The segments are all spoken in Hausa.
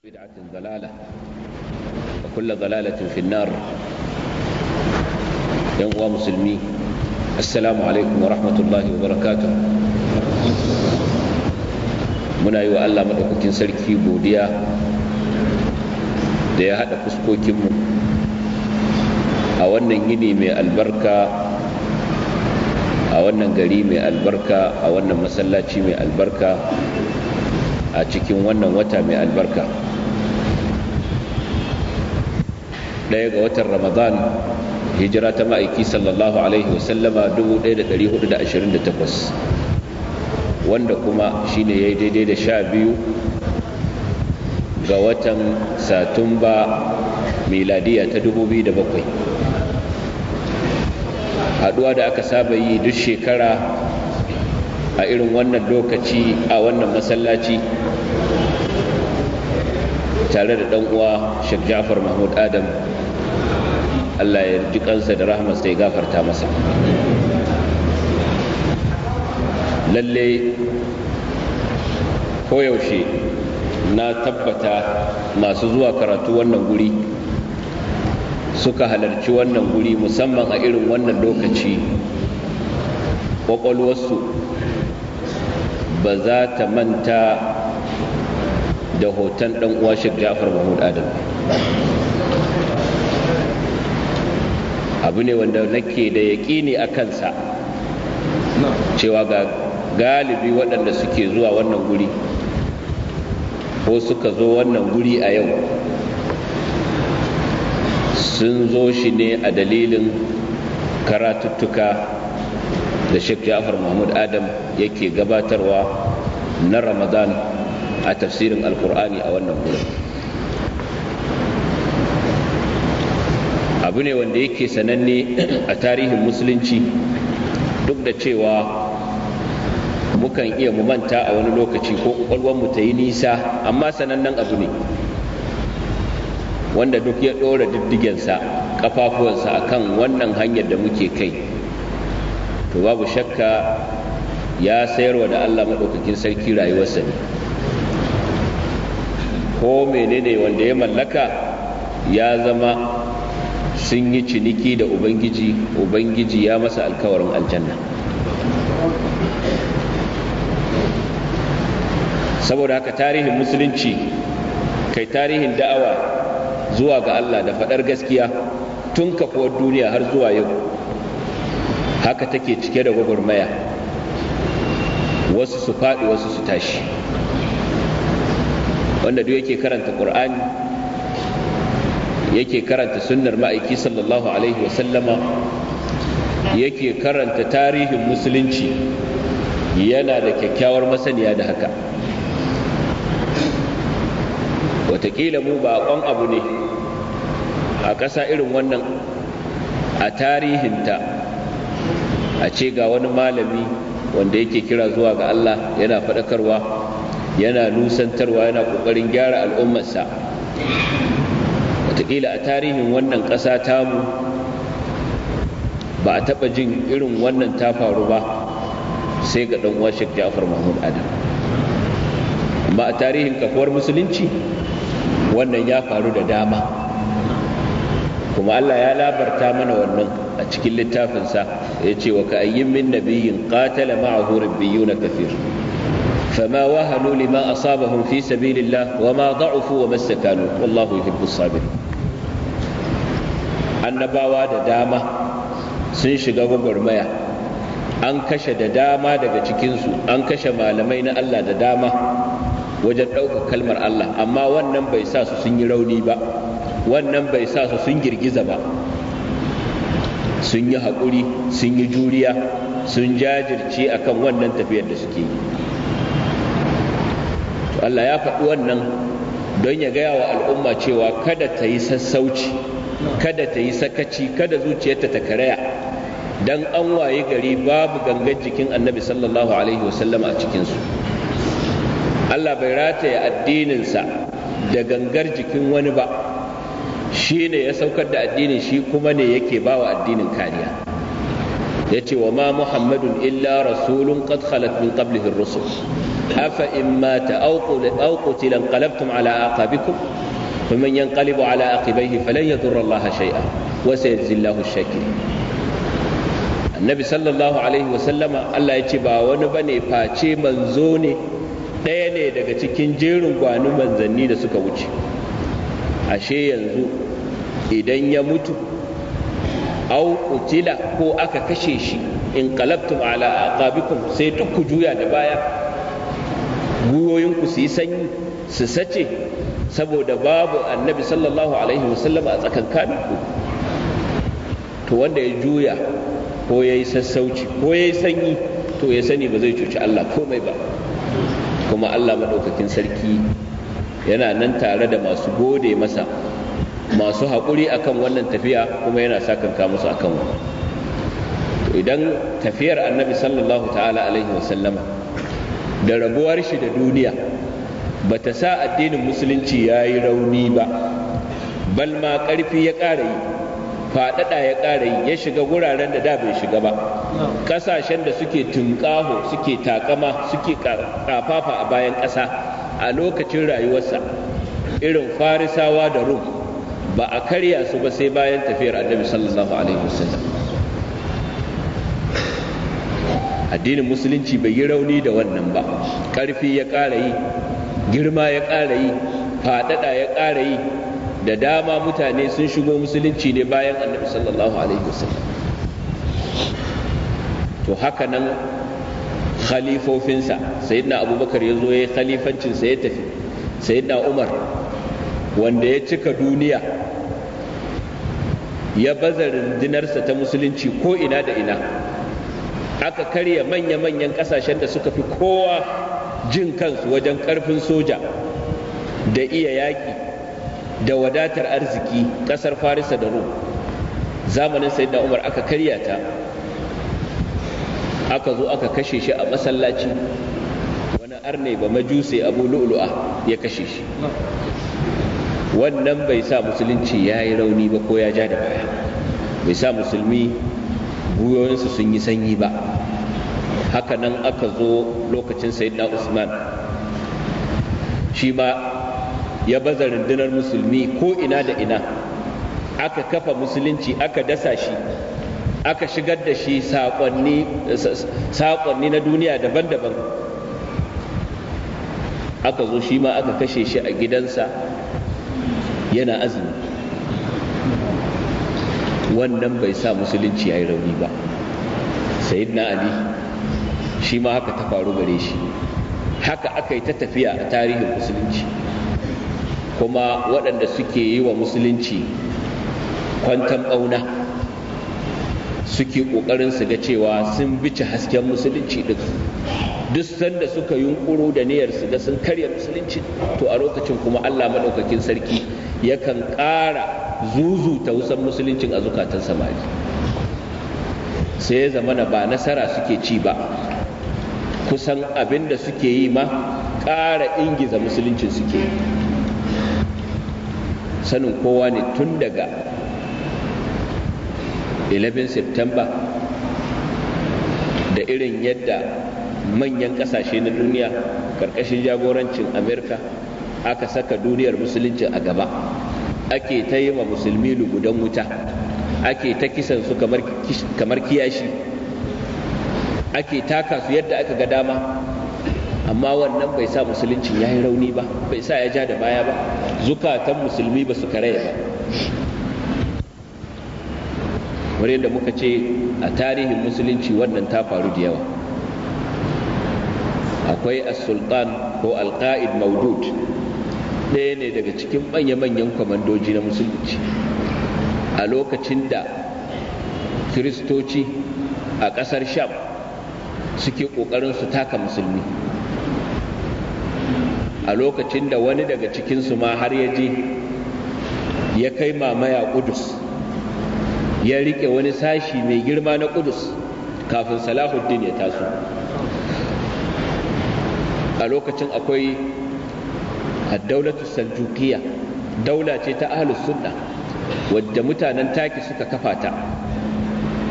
بدعة ضلالة وكل ضلالة في النار يوم مسلمي السلام عليكم ورحمة الله وبركاته muna yi wa Allah maɗaukakin sarki godiya da ya haɗa fuskokinmu a wannan yini mai albarka a wannan gari mai albarka a wannan masallaci mai albarka a cikin wannan wata mai albarka ɗaya ga watan ramadan hijira ta ma'aiki sallallahu alaihi wasallama 1428 wanda kuma shine ya yi daidai da sha biyu ga watan satumba miladiya ta 2007 haɗuwa da aka saba yi duk shekara a irin wannan lokaci a wannan masallaci tare da ɗan Shek Ja'far Mahmud Adam Allah ya ji kansa da rahmarsa ya gafarta masa lalle koyaushe na tabbata masu zuwa karatu wannan guri suka halarci wannan guri musamman a irin wannan lokaci kwakwalwarsu ba za ta manta da hoton ɗan uwa shirya Ja'far Mahmud Adam abu ne wanda nake da yaƙini a kansa cewa ga galibi waɗanda suke zuwa wannan guri ko suka zo wannan guri a yau sun zo shi ne a dalilin karatuttuka da Sheikh Ja'far Mahmud Adam yake gabatarwa na Ramadan a tafsirin Alkur'ani a wannan gurin. abu ne wanda yake sananne a tarihin musulunci duk da cewa mukan iya mu manta a wani lokaci ko mu ta yi nisa amma sanannen abu ne wanda duk ya ɗora diddigensa ƙafafuwansa a kan wannan hanyar da muke kai to babu shakka ya sayarwa da allah maɗaukakin sarki rayuwarsa ne ko menene wanda ya mallaka ya zama sun yi ciniki da ubangiji ubangiji ya masa alkawarin aljanna saboda haka tarihin musulunci kai tarihin da'awa zuwa ga Allah da faɗar gaskiya tun kafuwar duniya har zuwa yau haka take cike da gwagwarmaya wasu su faɗi wasu su tashi wanda duk yake karanta ƙur'ani yake karanta sunnar ma'aiki sallallahu alaihi wasallama yake karanta tarihin musulunci yana da kyakkyawar masaniya da haka watakila mu baƙon abu ne a ƙasa irin wannan a tarihinta a ce ga wani malami wanda yake kira zuwa ga Allah yana faɗakarwa yana nusantarwa yana ƙoƙarin gyara al'ummarsa wataƙila a tarihin wannan ƙasa tamu ba a taɓa jin irin wannan ta faru ba sai ga ɗan uwan Ja'far Mahmud Adam amma a tarihin kafuwar musulunci wannan ya faru da dama kuma Allah ya labarta mana wannan a cikin littafinsa ya ce wa ka'ayyin min nabiyyin qatala ma'ahu na kafir." فما وهنوا لما أصابهم في سبيل الله وما ضعفوا وما استكانوا والله يحب الصابرين annabawa da dama sun shiga gwagwarmaya an kashe da dama daga cikinsu an kashe malamai na Allah da dama wajen ɗaukar kalmar Allah amma wannan bai sa su sun yi rauni ba wannan bai sa su sun girgiza ba sun yi hakuri, sun yi juriya sun jajirce akan wannan tafiyar da suke yi Allah ya faɗi wannan don ya gaya wa al'umma cewa kada ta yi sassauci kada ta yi sakaci kada zuciyarta ta karaya don an waye gari babu gangan jikin annabi sallallahu alaihi wasallam a cikinsu Allah bai rataya addininsa da gangar jikin wani ba shi ne ya saukar da addinin shi kuma ne yake ba wa addinin kariya ya ce wa ma muhammadun illa rasulun qad khalat min qablihi rusul afa in mata aw qutila qalabtum ala aqabikum wa man yanqalibu ala aqibaihi falan yadurra Allah shay'a wa sayajzi Allahu shakir annabi sallallahu alaihi wa sallama Allah ya ce ba wani bane face manzo ne ɗaya ne daga cikin jerin gwanin manzanni da suka wuce ashe yanzu idan ya mutu au kutila ko aka kashe shi in qalabtum ala aqabikum sai duk ku juya da baya gwiwoyinku su yi sanyi su sace saboda babu annabi sallallahu alaihi wasallam a ku. to wanda ya juya ko ya yi sassauci ko ya yi sanyi to ya sani ba zai cuci Allah komai ba kuma Allah maɗaukakin sarki yana nan tare da masu gode masa masu haƙuri akan wannan tafiya kuma yana sakanka musu akan wannan idan tafiyar annabi sallallahu ta'ala alaihi wasallama da rabuwar shi da duniya ba ta sa addinin musulunci ya yi rauni ba bal ma ƙarfi ya ƙara yi faɗaɗa ya ƙara yi ya shiga wuraren da da bai shiga ba ƙasashen da suke tunƙaho suke takama suke ƙafafa a bayan ƙasa a lokacin rayuwarsa irin farisawa da rum ba a karya su ba sai bayan tafiyar annabi sallallahu alaihi wasallam addinin musulunci bai yi rauni da wannan ba ƙarfi ya ƙara yi girma ya ƙara yi faɗaɗa ya ƙara yi da dama mutane sun shigo musulunci ne bayan annabi sallallahu alaihi wasallam to haka nan khalifofinsa sayyidina abubakar ya zo ya yi khalifancinsa ya tafi sayyidina umar wanda ya cika duniya ya baza rundunarsa ta musulunci ko ina da ina aka karya manya-manyan kasashen da suka fi kowa jin kansu wajen karfin soja da iya yaƙi da wadatar arziki ƙasar farisa da ru zamanin sai sayyidina umar aka karya ta aka zo aka kashe shi a masallaci wani arne ba majuse abu lu'lu'a ya kashe shi wannan bai sa musulunci ya yi rauni ba ko ya ja da baya bai sa musulmi guyoyinsu sun yi sanyi ba haka nan aka zo lokacin sayyidina usman shi ma ya baza rundunar musulmi ko ina da ina aka kafa musulunci aka dasa shi aka shigar da shi saƙonni na duniya daban-daban aka zo shi ma aka kashe shi a gidansa yana azumi wannan bai sa musulunci ya yi rauni ba sayidina ali shi ma haka ta faru gare shi haka aka yi ta tafiya a tarihin musulunci kuma waɗanda suke yi wa musulunci kwantan ɓauna suke ƙoƙarin su ga cewa sun bice hasken musulunci duk duk sanda suka yunƙuro da niyyar su ga sun karya musulunci to a lokacin kuma allah maɗaukakin sarki yakan ƙara zuzuta wusan musuluncin a zukatan samari sai ya zamana ba nasara suke ci ba kusan abin da suke yi ma ƙara ingiza musuluncin suke yi sanin kowa ne tun daga 11 september da irin yadda manyan ƙasashe na duniya ƙarƙashin jagorancin amerika aka saka duniyar musulunci a gaba ake ta yi ma musulmi lugudan wuta ake ta kisan su kamar kiyashi ake taka su yadda aka ga dama amma wannan bai sa musulunci ya yi rauni ba bai sa ya ja da baya ba zukatan musulmi ba su karaya ba kamar yadda muka ce a tarihin musulunci wannan ta faru da yawa akwai as-sultan ko al maudud ɗaya ne daga cikin manya-manyan kwamandoji na musulunci a lokacin da kiristoci a ƙasar sham suke ƙoƙarin su taka musulmi a lokacin da wani daga cikinsu ma har ya je ya kai mamaya ƙudus ya riƙe wani sashi mai girma na ƙudus kafin salahuddin ya taso a lokacin akwai daulatu saljukiya daula ce ta ahlus sunna wadda mutanen taki suka kafa ta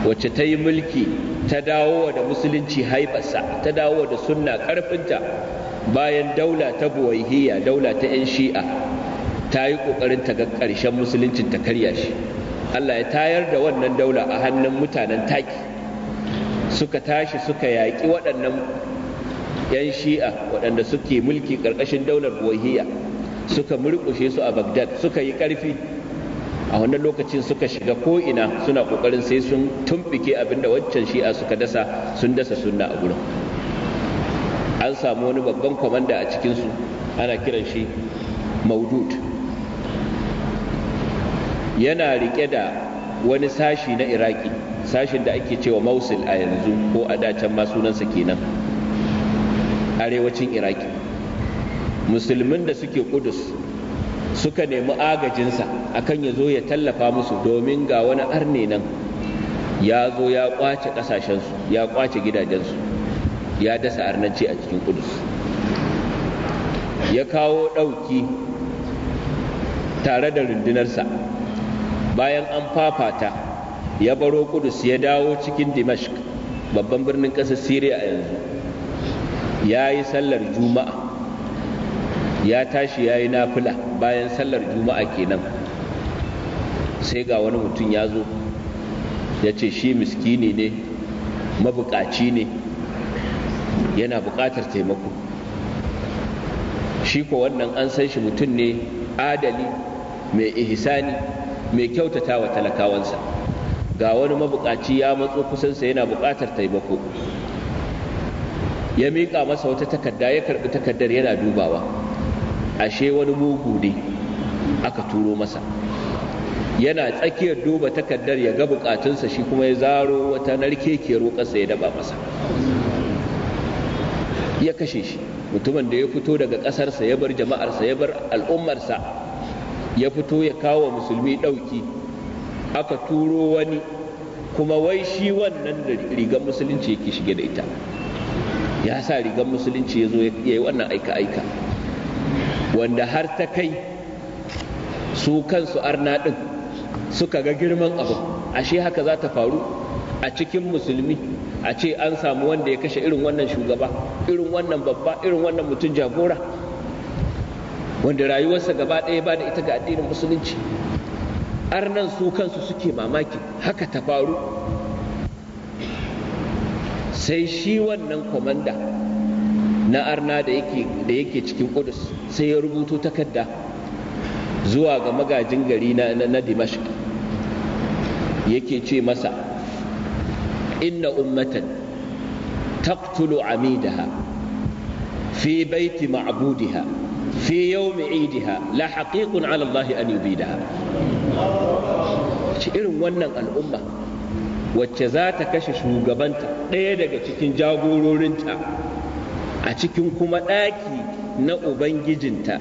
wacce ta yi mulki ta dawo da musulunci haifarsa ta dawo da sunna karfinta bayan daula ta buwaihiyya daula ta 'yan shi'a ta yi ƙoƙarin ta ga ƙarshen musuluncin ta karya shi allah ya tayar da wannan daula a hannun mutanen taki suka tashi suka yaƙi waɗannan 'yan shi'a waɗanda suke mulki ƙarƙashin daular buwaihiyya suka murƙushe su a bagdad suka yi ƙarfi a wannan lokacin suka shiga ko ina suna kokarin sai sun tumbike abin abinda waccan shi'a suka dasa sun dasa sunna a gurin an samu wani babban kwamanda a cikinsu ana kiran shi maudud yana rike da wani sashi na iraki sashin da ake cewa mausil a yanzu ko a dacen ma sunansa kenan arewacin iraki musulmin da suke kudus suka nemi agajinsa akan ya zo ya tallafa musu domin ga wani arne nan ya zo ya kwace kasashensu ya kwace gidajensu ya dasa arnanci a cikin kudus ya kawo ɗauki tare da rundunarsa bayan an fafata ya baro kudus ya dawo cikin dimashq babban birnin ƙasar siriya yanzu ya yi sallar juma'a ya tashi ya yi nafila bayan sallar juma'a kenan sai ga wani mutum ya zo ya ce shi miskini ne mabukaci ne yana bukatar taimako shi ko wannan an san shi mutum ne adali mai ihsani mai kyautata wa talakawansa ga wani mabukaci ya matso kusansa yana bukatar taimako ya miƙa masa wata takarda ya karɓi takardar yana dubawa ashe wani mugu ne aka turo masa yana tsakiyar duba takardar ya ga bukatunsa shi kuma ya zaro wata narkekiyar wukarsa ya daba masa ya kashe shi mutumin da ya fito daga kasarsa ya bar jama'arsa ya bar al'ummarsa ya fito ya kawo musulmi ɗauki aka turo wani kuma wai shi wannan da rigar musulunci yake shige da ita ya sa rigar musulunci ya zo ya yi wannan aika-aika wanda har ta kai su kansu arna ɗin suka ga girman abu ashe haka za ta faru a cikin musulmi a ce an samu wanda ya kashe irin wannan shugaba irin wannan babba irin wannan mutum jagora wanda rayuwarsa gaba ɗaya ba da ita ga addinin musulunci arnan su kansu suke mamaki haka ta faru sai shi wannan kwamanda na arna da yake cikin kudus sai ya rubuto takarda zuwa ga magajin gari na dimashik yake ce masa inna ummatan taqtulu amidaha fi baiti ma'budiha fi yawmi idiha la haqiqun ala Allah an yubidaha ci irin wannan al'umma wacce za ta kashe shugabanta ɗaya daga cikin jagororinta a cikin kuma ɗaki na ubangijinta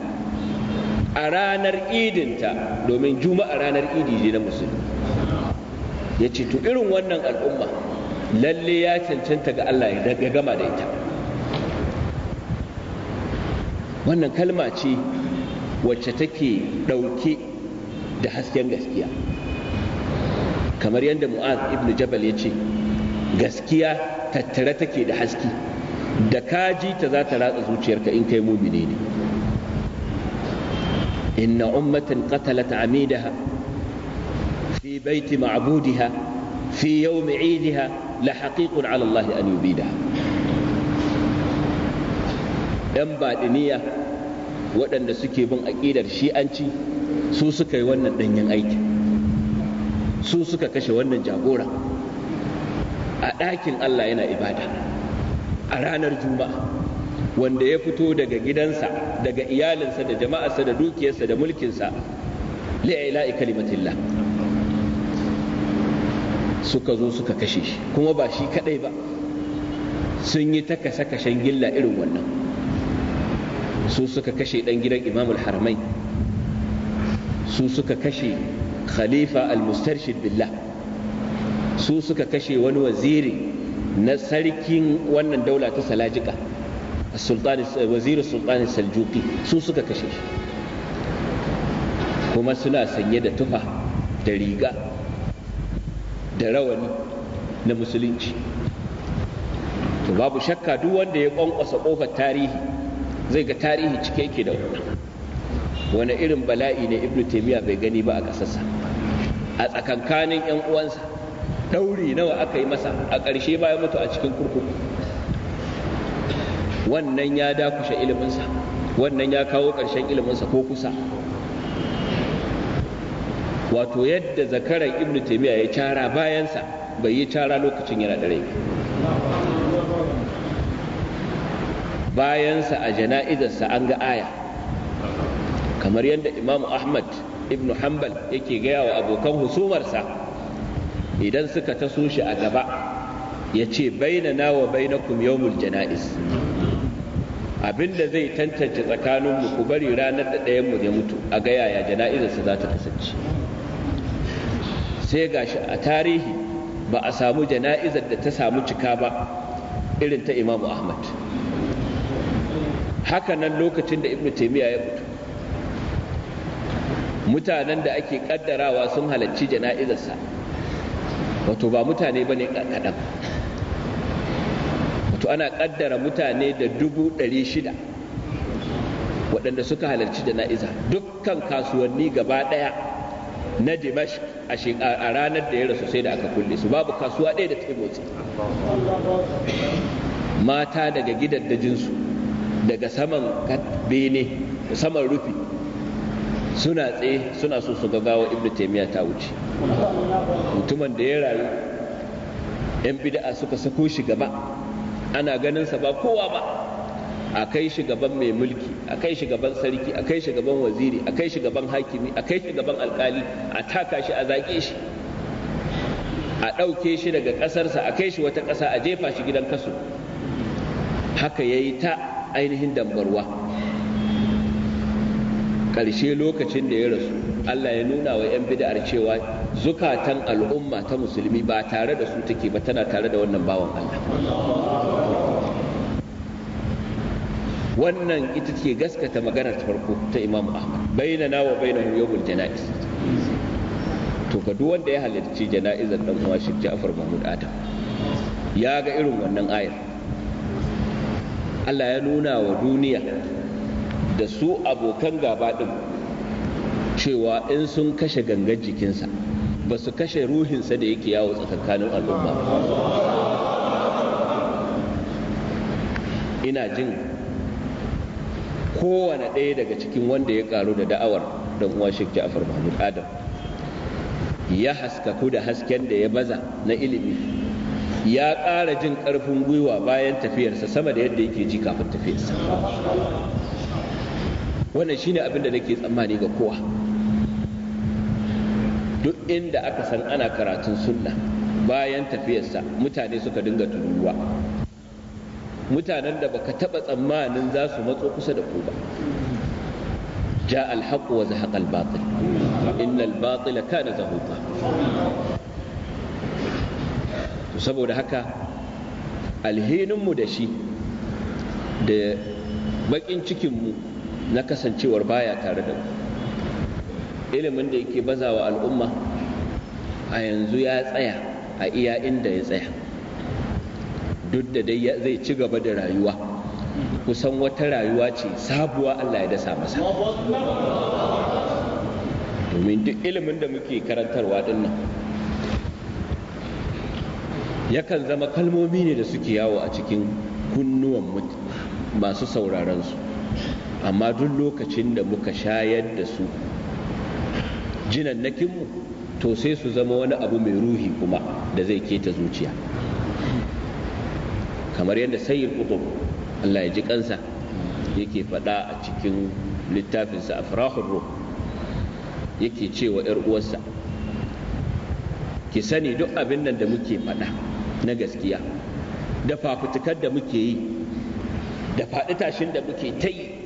a ranar idinta domin juma'a ranar idi ne na musulmi ya ce to irin wannan al'umma lalle ya cancanta ga Allah ya gama da ita wannan kalma ce wacce take ɗauke da hasken gaskiya kamar yadda mu'az ibn jabal ya ce gaskiya tattare take da haske da ka ji ta za ta ratsa zuciyarka in kai mumini ne inna ummatan qatalat amidaha fi baiti ma'budiha fi yawmi 'idiha la haqiqun 'ala Allah an yubidaha dan badiniya waɗanda suke bin aƙidar shi'anci su suka yi wannan danyen aiki su suka kashe wannan jagora a ɗakin Allah yana ibada a ranar juma'a wanda ya fito daga gidansa daga iyalinsa da jama'arsa da dukiyarsa da mulkinsa li'ila'i kalimatillah suka zo suka kashe shi kuma ba shi kadai ba sun yi ta kasa kashen gilla irin wannan su suka kashe dan gidan imamul haramai su suka kashe khalifa al-mustarshid billah su suka kashe wani waziri na sarkin wannan daula ta salajika wazirin sultani saljuki su suka kashe shi kuma suna sanye da tufa da riga da rawani na musulunci to babu shakka duk wanda ya kwankwasa kofar tarihi zai ga tarihi cike yake da wannan wani irin bala'i ne ibnu taymiya bai gani ba a ƙasarsa a tsakankanin 'yan uwansa ɗauri nawa aka yi masa a ƙarshe ya mutu a cikin kurkuku wannan ya dakushe iliminsa wannan ya kawo ƙarshen iliminsa ko kusa wato yadda zakaran ibn taimiyya ya cara bayansa bai yi cara lokacin yana da bayansa a jana'izarsa an ga aya kamar yadda imamu ahmad ibn hanbal yake gaya wa abokan husumarsa idan suka taso shi a gaba ya ce nawa wa bainakum yawmul jana'iz abinda zai tantance tsakanin mu ku bari ranar da mu ya mutu a ga yaya jana'izarsa za ta kasance sai gashi a tarihi ba a samu jana'izar da ta samu cika ba irin ta imamu ahmad haka nan lokacin da ibnu taimiyya ya mutu mutanen da ake kaddarawa sun halarci jana'izarsa wato ba mutane ba ne kaɗan wato ana ƙaddara mutane da dubu ɗari shida waɗanda suka halarci jana'iza dukkan kasuwanni gaba ɗaya na dimash a ranar da ya rasu sai da aka kulle su babu kasuwa ɗaya da ta motsi mata daga gidaddajinsu daga saman bene saman rufi suna tsaye suna so su ga gawa ibnu taymiya ta wuce mutumin da ya rayu yan bidaa suka sako shi gaba ana ganin sa ba kowa ba a kai shi gaban mai mulki a kai shi gaban sarki a kai shi gaban waziri a kai shi gaban hakimi a kai shi gaban alkali a taka shi a zaƙe shi a ɗauke shi daga ƙasarsa a kai shi wata ƙasa a jefa shi gidan kaso haka ya yi ta ainihin dambarwa ƙarshe lokacin da ya rasu Allah ya nuna wa 'yan bid'ar cewa zukatan al'umma ta musulmi ba tare da su take ba tana tare da wannan bawan Allah wannan ita ce gaskata maganar farko ta Imam Ahmad bainana wa bainahum yawmul janaiz to ka duk wanda ya halarci jana'izar dan uwa shi Ja'far Mahmud Adam ya ga irin wannan ayar Allah ya nuna wa duniya da su abokan gaba ɗin cewa in sun kashe gangar jikinsa ba su kashe ruhinsa da yake yawo tsakankanin al'umma ina jin kowane ɗaya daga cikin wanda ya ƙaru da da'awar don uwa Sheikh Ja'far Mahmud Adam ya haskaku da hasken da ya baza na ilimi ya ƙara jin ƙarfin gwiwa bayan tafiyarsa sama da yadda yake ji kafin tafiyarsa wannan shine abin da nake tsammani ga kowa duk inda aka san ana karatun sunna bayan tafiyarsa mutane suka dinga tururuwa mutanen da baka taba tsammanin za su matso kusa da ku ba جاء الحق وزهق الباطل إن الباطل كان زهوقا saboda haka alhininmu da shi da baƙin cikinmu na kasancewar baya tare da ilimin da yake bazawa al'umma a yanzu ya tsaya a iya inda ya tsaya duk da dai zai ci gaba da rayuwa kusan wata rayuwa ce sabuwa Allah ya dasa masa domin duk ilimin da muke karantarwa dinnan yakan zama kalmomi ne da suke yawo a cikin kunnuwan masu sauraron su amma duk lokacin da muka shayar da su jinannakinmu to sai su zama wani abu mai ruhi kuma da zai keta zuciya kamar yadda sayyid qutb Allah ya ji kansa yake faɗa a cikin littafinsa a farahun ruh yake cewa ‘yar uwarsa ki sani duk abin nan da muke faɗa na gaskiya da fafutukar da muke yi da faɗi tashin da muke ta yi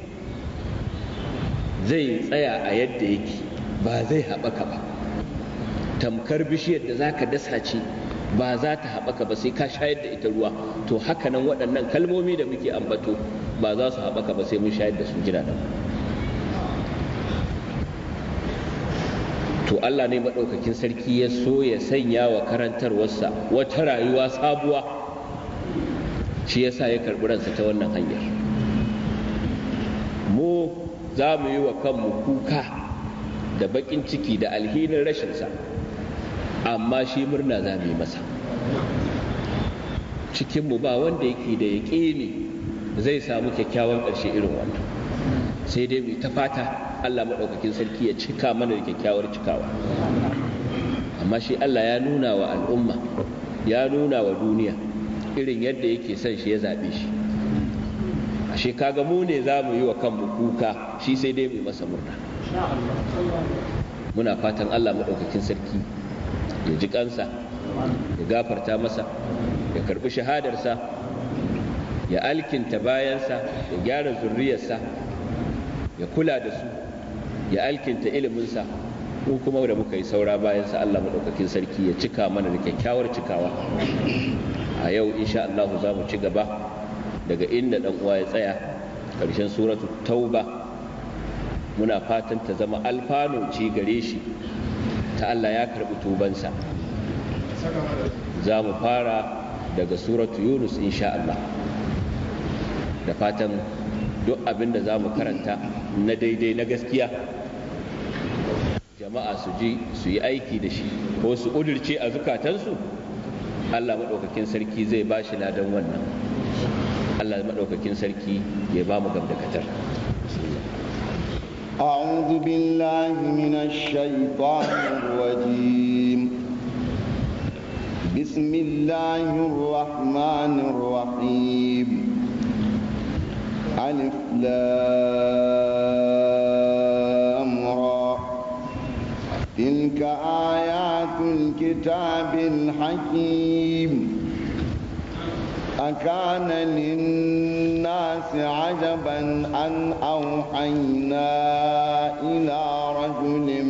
zai tsaya a yadda yake ba zai haɓaka ba tamkar bishiyar da zaka dasa ce ba za ta haɓaka ba sai ka shayar da ita ruwa to haka nan waɗannan kalmomi da muke ambato ba za su haɓaka ba sai mun shayar da su jira da to Allah ne maɗaukakin sarki ya so ya sanya wa karantarwarsa wata rayuwa sabuwa shi ya sa ya karɓi ransa ta wannan hanyar mu za mu yi wa kanmu kuka da bakin ciki da alhinin rashinsa amma shi murna za mu yi masa cikinmu ba wanda yake da ne zai samu kyakkyawan ƙarshe irin wanda. sai dai mu ta fata allah maɗaukakin sarki ya cika mana da kyakkyawar cikawa amma shi allah ya nuna wa al'umma ya nuna wa duniya irin yadda yake son shi ya zaɓe shi ashe kaga mu ne za mu yi wa kanmu kuka shi sai dai mu masa murna muna fatan Allah maɗaukakin sarki ya ji kansa ya gafarta masa ya karɓi shahadarsa ya alkinta bayansa ya gyara zurriyarsa ya kula da su ya alkinta iliminsa ko kuma da muka yi saura bayansa Allah maɗaukakin sarki ya cika mana da kyakkyawar cikawa a yau insha Allah za mu ci gaba daga inda dan uwa ya tsaya karshen suratu tauba muna fatan ta zama alfano ci gare shi ta Allah ya karbi tubansa za mu fara daga suratu yunus insha Allah da fatan duk abin da za mu karanta na daidai na gaskiya jama'a su ji su yi aiki da shi ko su ƙudurce a zukatansu allah maɗaukakin sarki zai ba shi ladan wannan Allah madaukakin sarki ya ba mu أعوذ بالله من الشيطان الرجيم بسم الله الرحمن الرحيم ألف لامرى تلك آيات الكتاب الحكيم أكان للناس عجبا أن أوحينا إلى رجل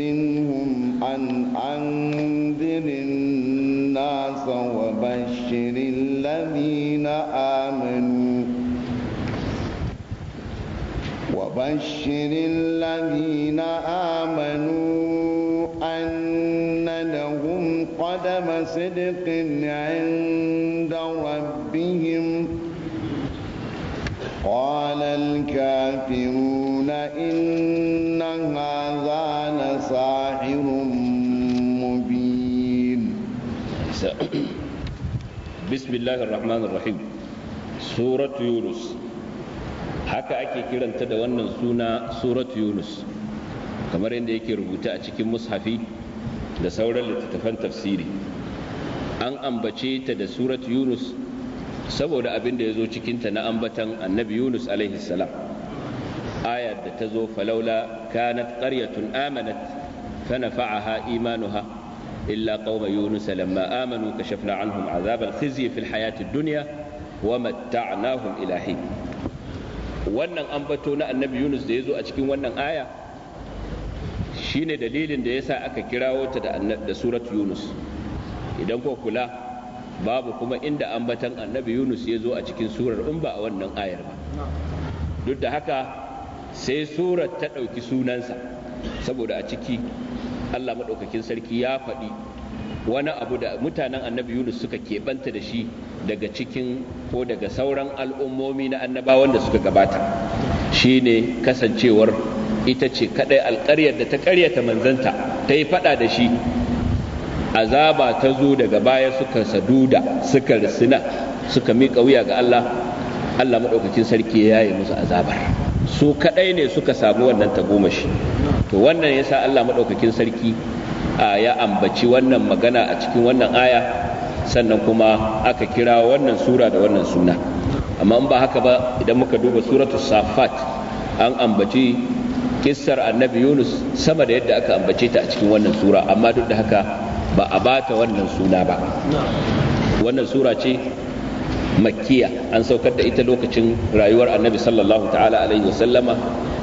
منهم أن أنذر الناس وبشر الذين آمنوا وبشر الذين آمنوا مقام صدق عند ربهم قال الكافرون إن هذا لساحر مبين بسم الله الرحمن الرحيم سورة يونس haka ake kiranta da wannan suna suratu yunus kamar yadda yake rubuta a cikin mushafi da sauran littattafan tafsiri an ambace ta da surat yunus saboda abin da ya zo cikinta na ambatan annabi yunus alaihi salam aya da ta zo falaula kanat qaryatun amanat fanafa'aha imanuha illa qauma yunus lamma amanu kashafna anhum azab al-khizyi fil hayati ad-dunya wa matta'nahum ila wannan ambato na annabi yunus da ya zo a cikin wannan aya shine dalilin da ya sa aka kirawo ta da surat yunus idan ko kula babu kuma inda an ambatan annabi yunus ya zo a cikin surar in ba a wannan ayar ba duk da haka sai surar ta ɗauki sunansa saboda a ciki allah maɗaukakin sarki ya faɗi wani abu da mutanen annabi yunus suka keɓanta da shi daga cikin ko daga sauran al'ummomi na annabawan da suka gabata shine kasancewar ita ce kadai alƙaryar da ta ƙaryata manzanta ta yi fada da shi azaba ta zo daga baya suka saduda suka risina suka miƙa wuya ga Allah Allah maɗaukakin sarki ya yi musu azabar su kadai ne suka samu wannan tagomashi to wannan yasa Allah maɗaukakin sarki ya ambaci wannan magana a cikin wannan aya sannan kuma aka kira wannan sura da wannan suna amma in ba haka ba idan muka duba suratul safat an ambaci kissar annabi yunus sama da yadda aka ambace ta a cikin wannan sura amma duk da haka ba a bata wannan suna ba wannan sura ce makkiya an saukar da ita lokacin rayuwar annabi sallallahu ta'ala alaihi wasallama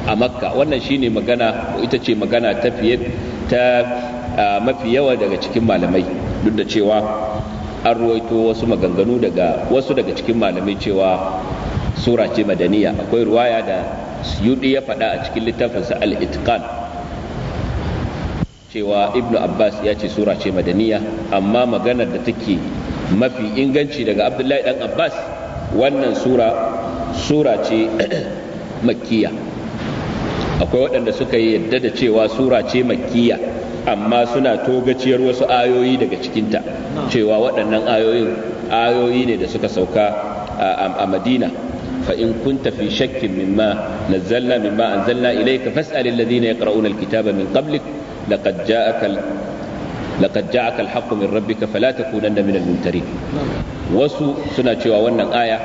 a makka wannan shine magana ita ce magana ta fiye ta mafi yawa daga cikin malamai duk da cewa an ruwaito wasu maganganu daga wasu daga cikin malamai cewa sura ce madaniya akwai ruwaya da suyudi ya faɗa a cikin littafinsa al-itqan cewa ibnu abbas ya ce sura ce madaniya amma maganar da take mafi inganci daga abdullahi dan abbas wannan sura sura ce makkiya akwai waɗanda suka yi yadda da cewa sura ce makkiya amma suna togaciyar wasu ayoyi daga cikinta cewa waɗannan ayoyin ayoyi ne da suka sauka a madina fa in في شك shakkin نزلنا مما أنزلنا إليك فاسأل الذين يقرؤون الكتاب من min لقد جاءك لقد جاءك الحق من ربك فلا تكونن من minal وسو wasu suna cewa wannan aya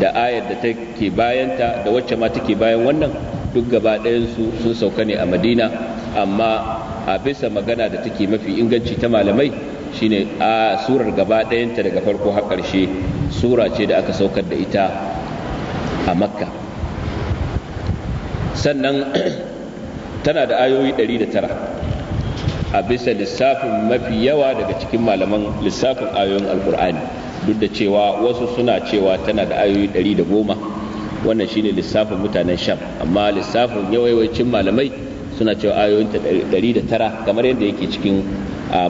da ayar da take bayanta da wacce ma take bayan wannan duk gaba ɗayansu sun sauka ne a madina amma a bisa magana da take mafi inganci ta malamai shine a surar gaba ɗayanta daga farko har ƙarshe sura ce da aka saukar da ita a makka sannan tana da ayoyi 109 a bisa lissafin mafi yawa daga cikin malaman lissafin ayoyin alkur'ani duk da cewa wasu suna cewa tana da ayoyi 110 wannan shine lissafin mutanen sham amma lissafin yawaicin malamai suna cewa ayoyinta 109 kamar yadda yake cikin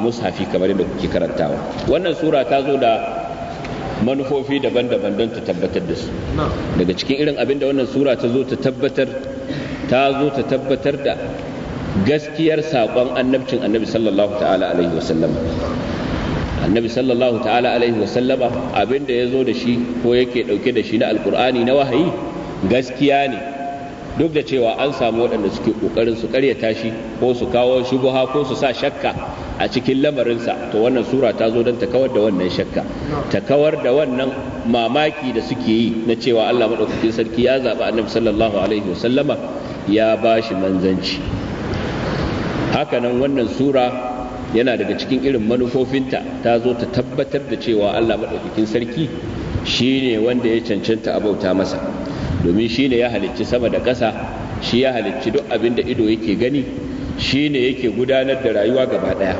mushafi kamar yadda kuke karantawa wannan sura ta zo da manufofi daban-daban don ta tabbatar da su daga cikin irin abin da wannan sura ta zo ta tabbatar ta zo ta tabbatar da gaskiyar saƙon annabcin annabi sallallahu ta'ala alaihi wasallama annabi sallallahu ta'ala alaihi wasallama abin da ya zo da shi ko yake ɗauke da shi na alkur'ani na wahayi gaskiya ne duk da cewa an samu waɗanda suke ƙoƙarin su ƙaryata shi ko su kawo shubuha ko su sa shakka a cikin lamarinsa to wannan sura ta zo don ta kawar da wannan shakka ta kawar da wannan mamaki da suke yi na cewa Allah maɗaukakin sarki ya zaɓi annabi sallallahu alaihi wasallama ya ba shi manzanci hakanan wannan sura yana daga cikin irin manufofinta ta zo ta tabbatar da cewa Allah maɗaukakin sarki shi ne wanda ya cancanta a bauta masa domin shi ne ya halicci sama da ƙasa shi ya halicci duk abin da ido yake gani Shi ne yake gudanar da rayuwa gaba daya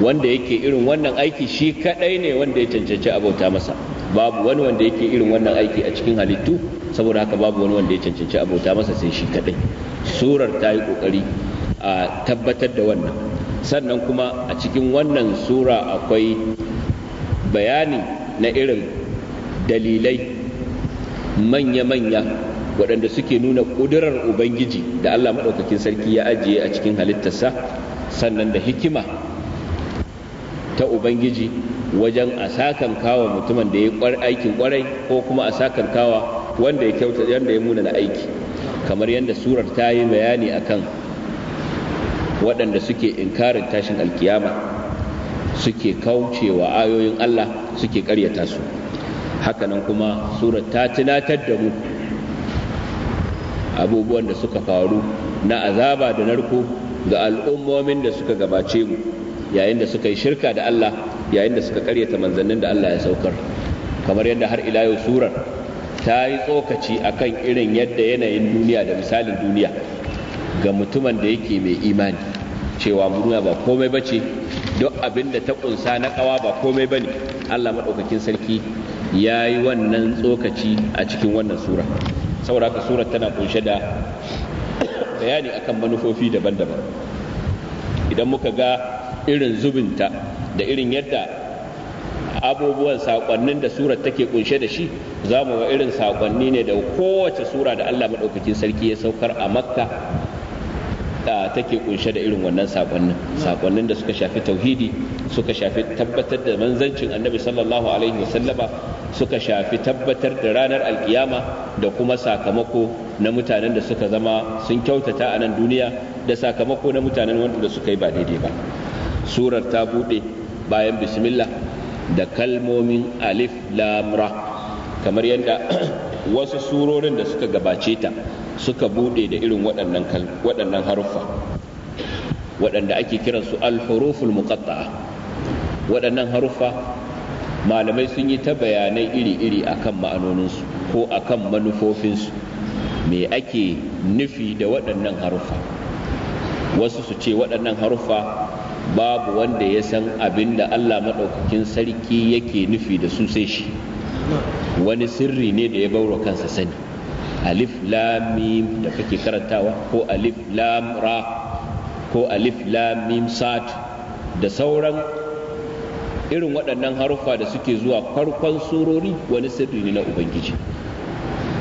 wanda yake irin wannan aiki shi kadai ne wanda ya cancanci abauta masa babu wani wanda yake irin wannan aiki a cikin halittu saboda haka babu wani wanda ya cancanci abauta masa sai shi kadai surar ta yi kokari a tabbatar da wannan sannan kuma a cikin wannan sura akwai bayani na irin dalilai manya-manya waɗanda suke nuna ƙudurar ubangiji da allah maɗaukakin sarki ya ajiye a cikin halittarsa sannan da hikima ta ubangiji wajen a sakan kawa mutumin da ya yi aikin kwarai ko kuma a sakan kawa wanda ya kyauta yadda ya muna aiki kamar yadda surar ta yi bayani kan waɗanda suke inkarin tashin alkiyama suke kaucewa ayoyin Allah suke karyata su hakanan kuma surar ta tunatar da mu abubuwan da suka faru na azaba da narko ga al'ummomin da suka gabace mu yayin da suka yi shirka da Allah yayin da suka karyata manzannin da Allah ya saukar kamar yadda har ila yau surar ta yi tsokaci akan irin yadda yanayin duniya da misalin duniya ga mutumin da yake mai imani cewa duniya ba komai bace duk abin da ta kunsa na kawa ba komai bane Allah madaukakin sarki ya yi wannan tsokaci a cikin wannan sura saboda haka surar tana kunshe da bayani akan manufofi daban-daban idan muka ga irin zubinta da irin yadda abubuwan saƙonnin da surar take kunshe da shi za mu ga irin saƙonni ne da kowace sura da Allah maɗaukakin sarki ya saukar a makka take kunshe da irin wannan sakonnin sakonnin da suka shafi tauhidi suka shafi tabbatar da manzancin annabi sallallahu alaihi wasallama suka shafi tabbatar da ranar alkiyama da kuma sakamako na mutanen da suka zama sun kyautata a nan duniya da sakamako na mutanen wanda da suka yi ba daidai ba surar ta buɗe bayan bismillah da kalmomin alif lam ra kamar yadda wasu surorin da suka gabace ta suka bude da irin waɗannan haruffa waɗanda ake kiran su alhuruful muqatta'a waɗannan haruffa malamai sun yi ta bayanai iri-iri akan ma'anoninsu ko akan manufofinsu me ake nufi da waɗannan haruffa wasu su ce waɗannan haruffa babu wanda ya san abin da Allah maɗaukakin sarki yake nufi da su sai shi wani sirri ne da ya bauro kansa sani alif lam mim da kake karantawa ko alif lam ra ko alif lam mim sad da sauran irin waɗannan haruffa da suke zuwa farkon surori wani sirri ne na ubangiji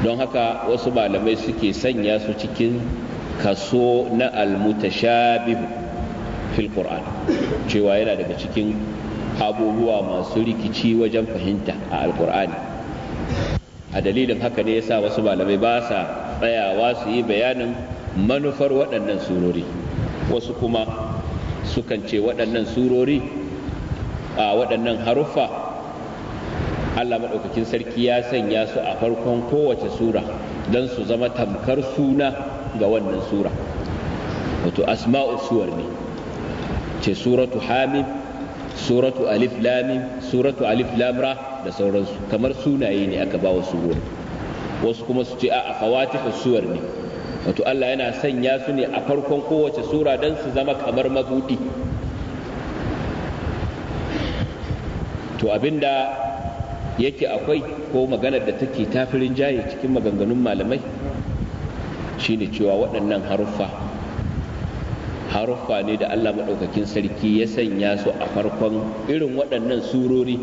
don haka wasu malamai suke sanya su cikin kaso na almutashabihu fil qur'an cewa yana daga cikin abubuwa masu rikici wajen fahimta a alqur'ani a dalilin haka ne ya sa wasu malamai ba sa tsayawa su yi bayanin manufar waɗannan surori wasu kuma sukan ce waɗannan surori a waɗannan haruffa Allah maɗaukakin sarki ya sanya su a farkon kowace sura don su zama tamkar suna ga wannan sura wato asma'u suwar ne ce suratu hamid suratu alif lam suratu alif lam da sauransu kamar sunaye ne aka ba wa suwar wasu kuma su ce a fawatihu suwar ne wato Allah yana sanya su ne a farkon kowace sura don su zama kamar mabudi to abinda yake akwai ko maganar da take tafirin jaye cikin maganganun malamai shine cewa waɗannan haruffa haruffa ne da Allah maɗaukakin sarki ya sanya su a farkon irin waɗannan surori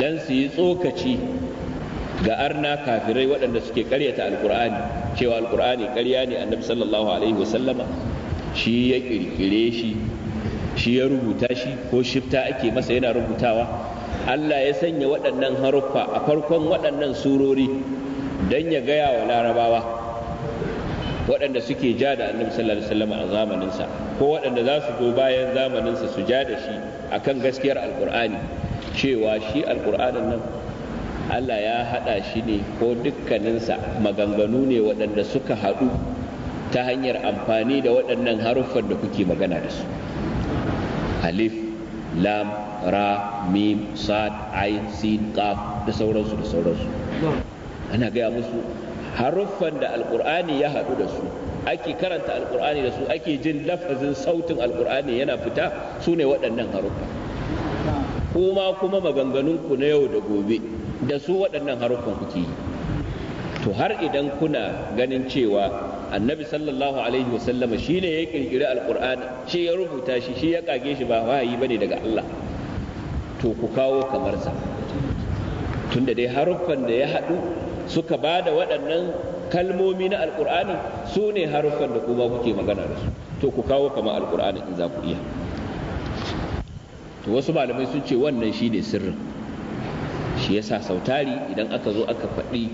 don su yi tsokaci ga arna kafirai waɗanda suke ƙaryata alkur'ani cewa alkur'ani ƙarya ne annabi sallallahu alaihi wasallama shi ya ƙirƙire shi shi ya rubuta shi ko shifta ake masa yana rubutawa Allah ya sanya waɗannan haruffa a farkon waɗannan surori don ya gaya wa larabawa waɗanda suke ja da annabi sallallahu alaihi wasallam a zamaninsa ko waɗanda za su zo bayan zamaninsa su ja da shi akan gaskiyar alkur'ani cewa shi alkur'anin nan Allah ya haɗa shi ne ko dukkaninsa maganganu ne waɗanda suka haɗu ta hanyar amfani da waɗannan haruffan da kuke magana da su alif lam ra mim sad ain sin qaf da sauransu da sauransu ana gaya musu haruffan da alkur'ani ya haɗu da su ake karanta alkur'ani da su ake jin lafazin sautin alkur'ani yana fita su ne waɗannan haruffa kuma kuma ku na yau da gobe da su waɗannan haruffan kuke yi to har idan kuna ganin cewa annabi sallallahu alaihi wasallama shi ne ya ƙirƙiri alkur'ani shi ya rubuta shi shi ya kage shi ba wahayi ne daga Allah to ku kawo kamar sa tunda dai haruffan da ya haɗu suka ba da waɗannan kalmomi na Alƙur'ani? su ne haruffan da kuma kuke magana da su to ku kawo kama Alƙur'ani in za ku iya to wasu malamai sun ce wannan shi ne sirrin shi ya sa sautari idan aka zo aka faɗi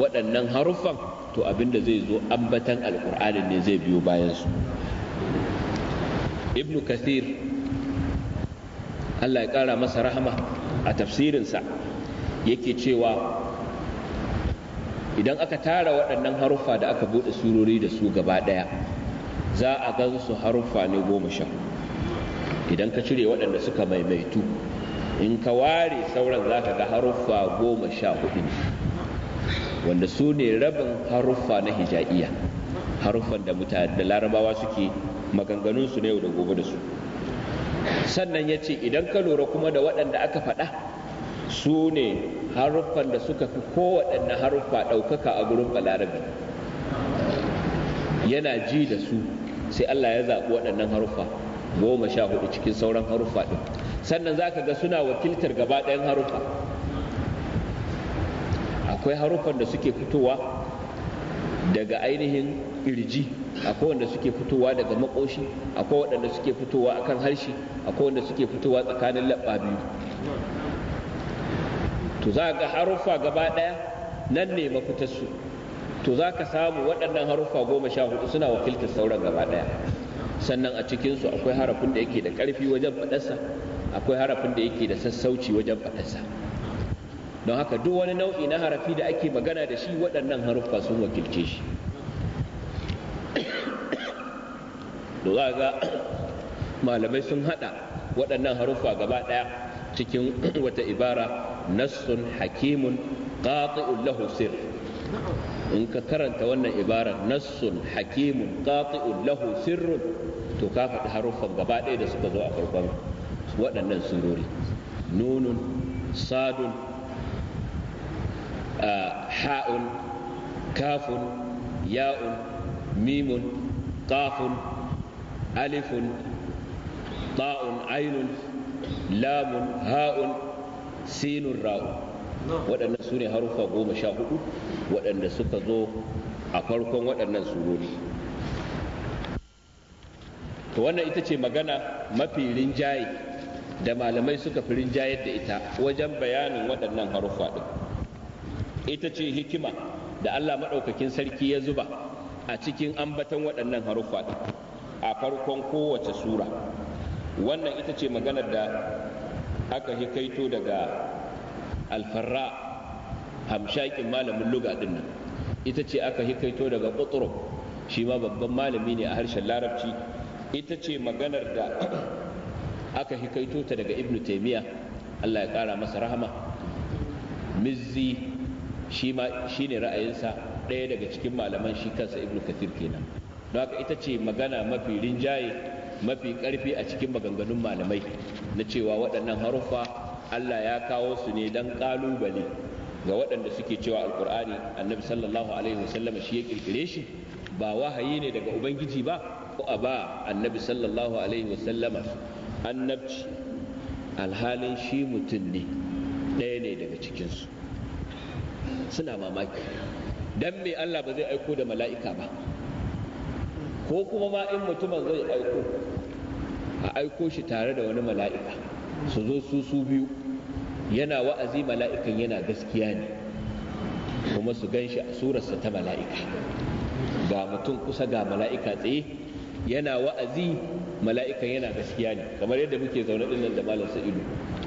waɗannan haruffan to abinda zai zo ambatan Alƙur'ani ne zai biyo bayansu ibnu kathir allah ya ƙara masa rahama a tafsirinsa yake cewa idan aka tara waɗannan haruffa da aka buɗe surori da su gaba ɗaya za a gan su haruffa ne goma sha idan ka cire waɗanda suka maimaitu in ka ware sauran za ka ga haruffa goma sha hudu ne wanda su ne rabin haruffa na hija'iyya haruffan da mutane da larabawa suke maganganunsu na yau da gobe da su sannan ya ce idan ka lura kuma da waɗanda aka faɗa su ne haruffan da suka fi kowaɗanne haruffa ɗaukaka a gurin balarabi yana ji da su sai Allah ya zaɓi waɗannan haruffa goma sha hudu cikin sauran haruffa ɗin sannan za ka ga suna wakiltar gaba ɗayan haruffa akwai haruffan da suke fitowa daga ainihin ƙirji akwai wanda suke fitowa daga makoshi akwai waɗanda suke fitowa akan harshe akwai wanda suke fitowa tsakanin laɓa biyu to za ga haruffa gaba ɗaya nan ne mafitarsu to za ka samu waɗannan haruffa goma sha hudu suna wakiltar sauran gaba ɗaya sannan a cikinsu akwai harafin da yake da ƙarfi wajen faɗarsa akwai harafin da yake da sassauci wajen faɗarsa don haka duk wani nau'i na harafi da ake magana da shi waɗannan haruffa sun wakilce shi to za ga malamai sun haɗa waɗannan haruffa gaba ɗaya cikin wata ibara nassun hakimun qati'un lahu sir in ka karanta wannan ibarar nassun hakimun qati'un lahu sirrun to ka faɗi haruffan gaba ɗaya da suka zo a farkon waɗannan surori nunun sadun ha'un kafun ya'un mimun qafun alifun ta'un ainun lamun ha'un sinun ra'un waɗannan su ne haruffa goma sha hudu waɗanda suka zo a farkon waɗannan suroni to wannan ita ce magana mafi rinjaye da malamai suka fi rinjayar da ita wajen bayanin waɗannan haruffa ɗin ita ce hikima da allah maɗaukakin sarki ya zuba a cikin ambaton waɗannan harufa ɗin a farkon kowace sura wannan ita ce maganar da aka hikaito daga alfarra hamshakin malamin luga din nan ita ce aka hikaito daga kuturo shi ma babban malami ne a harshen larabci ita ce maganar da aka hikaito ta daga ibnu taimiyya allah ya ƙara masa rahama mizzi shi ne ra'ayinsa ɗaya daga cikin malaman shi kansa ibnu kafir kenan don haka ita ce magana mafi rinjaye mafi karfi a cikin maganganun malamai na cewa waɗannan haruffa Allah ya kawo su ne don ƙalubale ga waɗanda suke cewa alkur'ani annabi sallallahu alaihi wasallam shi ya kirkire shi ba wahayi ne daga ubangiji ba ko a ba annabi sallallahu alaihi wasallama annabci alhalin shi mutum ne ɗaya ne daga cikinsu suna mamaki don me Allah ba zai aiko da mala'ika ba ko kuma ma in mutumin zai aiko a aiko shi tare da wani mala'ika su zo su su biyu yana wa'azi mala'ikan yana gaskiya ne kuma su gan shi a surarsa ta mala'ika ga mutum kusa ga mala'ika tsaye yana wa'azi mala'ikan yana gaskiya ne kamar yadda muke zaune dinnan da malam sa'idu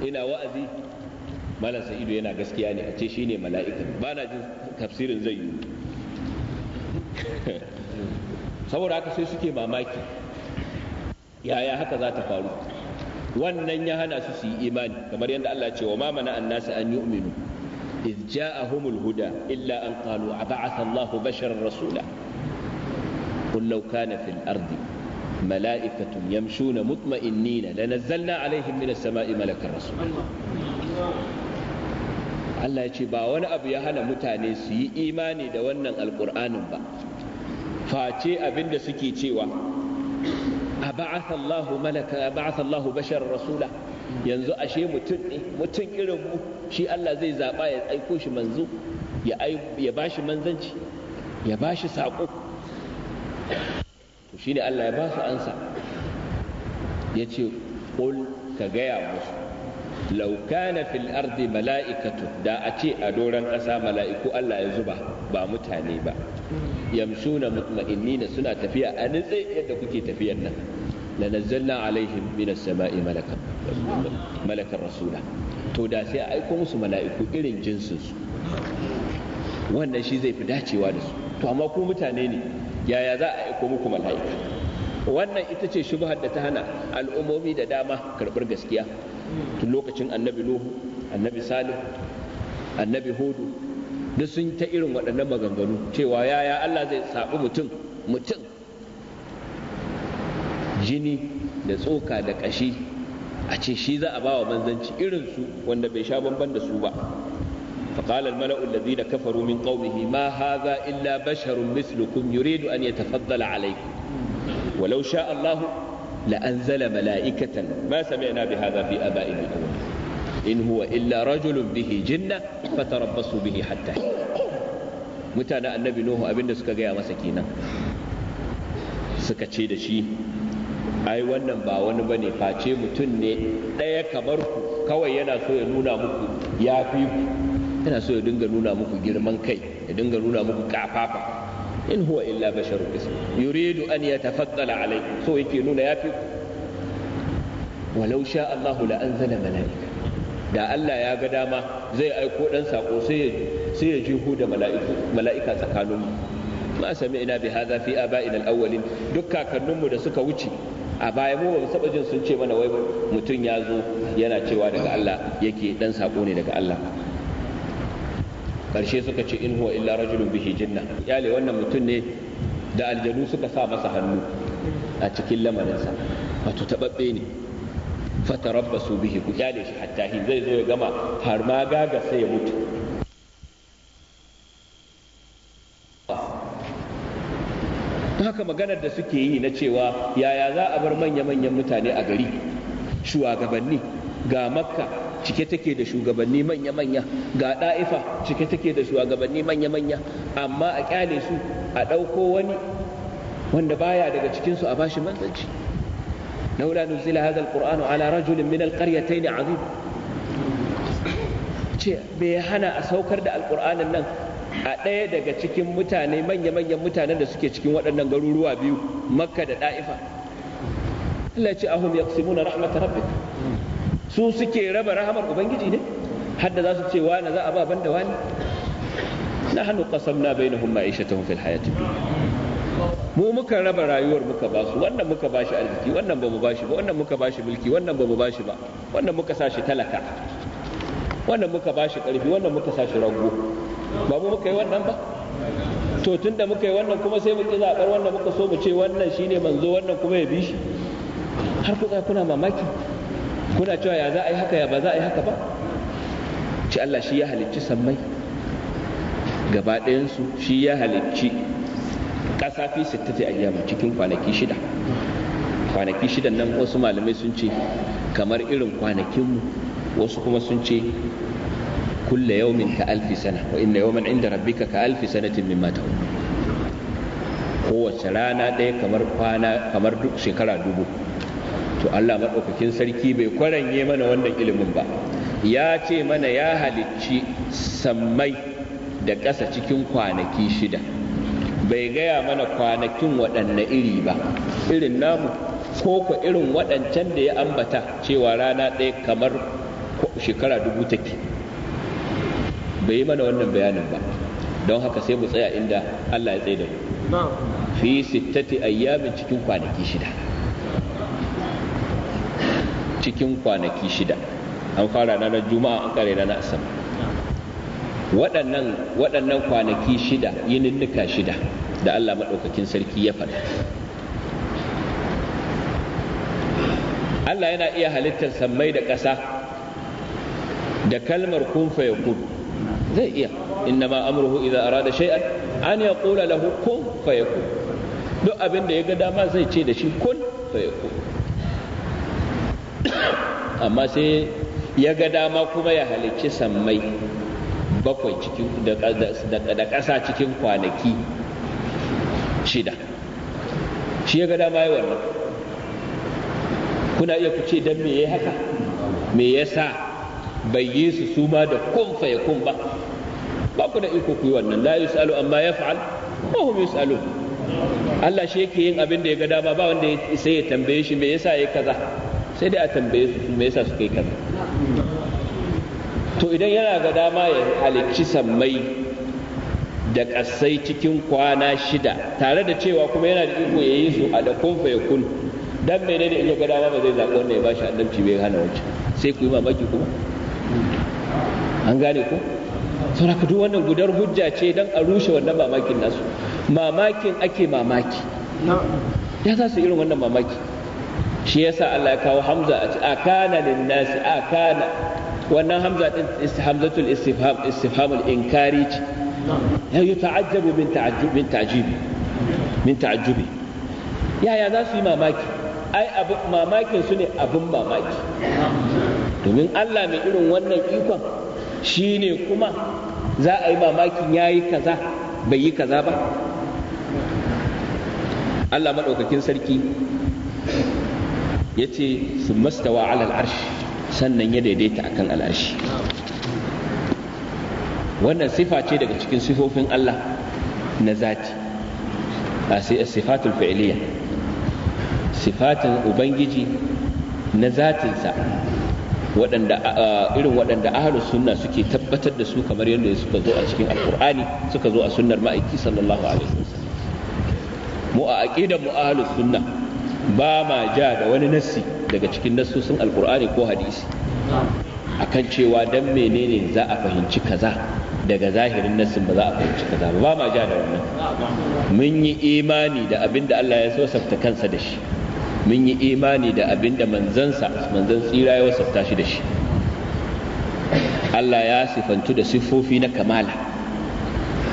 ina wa'azi malam sa'idu yana gaskiya ne a ce shine mala'ikan ba na jin tafsirin zai yi saboda haka sai suke mamaki yaya haka zata faru wannan ya hana su su yi imani kamar yadda Allah ce wa ma mana an nasu an yu'minu iz humul huda illa an qalu ab'atha Allahu basharan rasula qul law kana fil ardi mala'ikatun yamshuna mutma'innina lanazzalna 'alayhim minas sama'i malakan rasul Allah ya ce ba wani abu ya hana mutane su yi imani da wannan alkur'anin ba face abin da suke cewa a ba'atha malaka a bashar rasula yanzu ashe mutum ne mutum irin mu shi Allah zai zaba ya aiko shi manzo ya ya bashi manzanci ya bashi saƙo to shine Allah ya ba su ansa yace qul ka gaya musu law kana fil ardi mala'ikatu da a ce a doran ƙasa mala'iku Allah ya zuba ba mutane ba yamshuna mutma'innina suna tafiya a nitse yadda kuke tafiyar nan lanazzalna alaihim minas sama'i malakan malakan rasula to da sai a aiko musu mala'iku irin jinsin su wannan shi zai fi dacewa da su to amma ku mutane ne yaya za a aiko muku mala'ika wannan ita ce shubhar da ta hana al'ummomi da dama karɓar gaskiya tun lokacin annabi nuhu annabi salih annabi hudu duk sun ta irin waɗannan maganganu cewa yaya Allah zai saɓi mutum mutum jini da tsoka da ƙashi a ce shi za a bawa manzanci irinsu wanda bai sha bamban da su ba فقال الملأ الذين كفروا من قومه ما هذا إلا بشر مثلكم يريد أن يتفضل عليكم ولو شاء الله لأنزل ملائكة ما سمعنا بهذا في آبائنا الأولين إن هو إلا رجل به جنة فتربصوا به حتى حين متانا النبي نوح أبن سكا جاء مسكينا سكا تشيد شي ai wannan ba wani bane face mutum ne ɗaya kamar ku kawai yana so ya nuna muku ya ku yana so ya dinga nuna muku girman kai ya dinga nuna muku kafafa in huwa illa basharu bisu yuridu an yatafaddala alai so yake nuna yafi walau sha Allahu la anzala malaika da Allah ya ga dama zai aiko dan sako sai ya sai ya jihu da mala'iku mala'ika tsakanin ma sami'na bi hadha fi aba'ina al-awwalin duk kakanninmu da suka wuce a baya mu ba saba jin sun ce mana wai mutum ya zo yana cewa daga Allah yake dan sako ne daga Allah karshe suka ce in huwa illa rajulun bihi jinna yale wannan mutum ne da aljanu suka sa masa hannu a cikin lamarinsa wato tababbe ne fatarabbasu bihi ku yale shi hatta hin zai zo ya gama har ma gaga sai ya mutu haka maganar da suke yi na cewa yaya za a bar manya-manyan mutane a gari shugabanni ga makka cike take da shugabanni manya-manya ga ɗa'ifa cike take da shugabanni manya-manya amma a kyale su a ɗauko wani wanda baya daga cikinsu a bashi manzanci laula nuzila hadha alqur'anu ala rajulin min alqaryatayn azim ce bai hana a saukar da alqur'anin nan a ɗaya daga cikin mutane manya-manyan mutanen da suke cikin waɗannan garuruwa biyu makka da ɗa'ifa Allah ce ahum yaqsimuna rahmat rabbika su suke raba rahamar ubangiji ne hadda za su ce wa na za a ba ban da wani na hannu na bai na humma aisha ta hunfil hayatun mu muka raba rayuwar muka ba su wannan muka ba shi arziki wannan ba mu ba shi ba wannan muka ba shi mulki wannan ba mu ba shi ba wannan muka sa shi talaka wannan muka ba shi karfi wannan muka sa shi rago ba mu muka yi wannan ba to tun da muka yi wannan kuma sai mu ki zaɓar wannan muka so mu ce wannan shine manzo wannan kuma ya bi shi har ku kuna mamaki muna cewa ya za a yi haka ya ba za a yi haka ba ci Allah shi ya halicci sammai gaba ɗayansu shi ya halicci ƙasa fi sittati ayyama cikin kwanaki shida kwanaki shidan nan wasu malamai sun ce kamar irin kwanakinmu wasu kuma sun ce kulla yaumin ka alfi sana wa inna yawman inda rabbika ka alfi sanatin mimma ta'ud kowace rana ɗaya kamar kwana kamar duk shekara dubu to Allah maɗaukakin sarki bai kwaranye mana wannan ilimin ba ya ce mana ya halicci sammai da ƙasa cikin kwanaki shida bai gaya mana kwanakin waɗanne iri ba irin namu ko ku irin waɗancan da ya ambata cewa rana ɗaya kamar shekara dubu take bai yi mana wannan bayanin ba don haka sai mu tsaya inda Allah ya tsaye da mu fi sittati ayyamin cikin kwanaki shida cikin kwanaki shida an fara ranar juma'a an kare ranar asabar waɗannan kwanaki shida yininnika shida da Allah maɗaukakin sarki ya faɗa Allah yana iya halittar sammai da ƙasa da kalmar kun ya kun zai iya innama amruhu idza arada shay'an an yaqula lahu kun fa kun duk abin da ya ga dama zai ce da shi kun fa amma sai ya ga dama kuma ya halicci sammai bakwai cikin da ƙasa cikin kwanaki shida shi ya ga dama ya wannan kuna iya kuce don me ya haka me ya sa bai yi su su ma da kumfa ya kun ba ba ku da iko ku yi wannan la salo amma ya fa'al ba hum salo Allah shi yake yin abin da ya ga dama ba wanda sai ya tambaye shi me yasa ya kaza sai dai a tambaye su me yasa suka yi kaza to idan yana ga dama ya halicci sammai da ƙasai cikin kwana shida tare da cewa kuma yana da iko ya yi su a da kunfa ya kun dan mene ne ya ga dama ba zai zaɓi wannan ya bashi annabci bai hana wancan sai ku yi mamaki kuma an gane ko ka duk wannan gudar hujja ce don a rushe wannan mamakin nasu mamakin ake mamaki ya za su irin wannan mamaki shi yasa Allah ya kawo hamza a ci, a kana lin nasi a kana wannan hamza din hamzatul istifham istifhamul inkari ce ya yuta'ajjabu min ta'ajjub min ta'jibi min ta'ajjubi yaya za su yi mamaki ai abu mamakin su ne abin mamaki domin Allah mai irin wannan ikon shi ne kuma za a yi mamakin ya yi kaza bai yi kaza ba Allah maɗaukakin sarki yace mastawa ala al'arsh sannan ya daidaita akan al'arshi wannan sifa ce daga cikin sifofin Allah na zati a sifatul fa'iliya sifatin ubangiji na zatinsa waɗanda irin waɗanda ahlus sunna suke tabbatar da su kamar yadda suka zo a cikin alkur'ani suka zo a sunnar ma'aiki sallallahu alaihi wasallam mu a aqidar mu ahlus sunna ba ma ja da wani nassi daga cikin nassosin alkur'ani ko hadisi akan cewa dan menene za a fahimci kaza daga zahirin nassin ba za a fahimci kaza ba ba ma ja da wannan mun yi imani da abin da Allah ya so safta kansa da shi mun yi imani da abin da manzansa manzan tsira ya wasafta shi da shi Allah ya sifantu da siffofi na kamala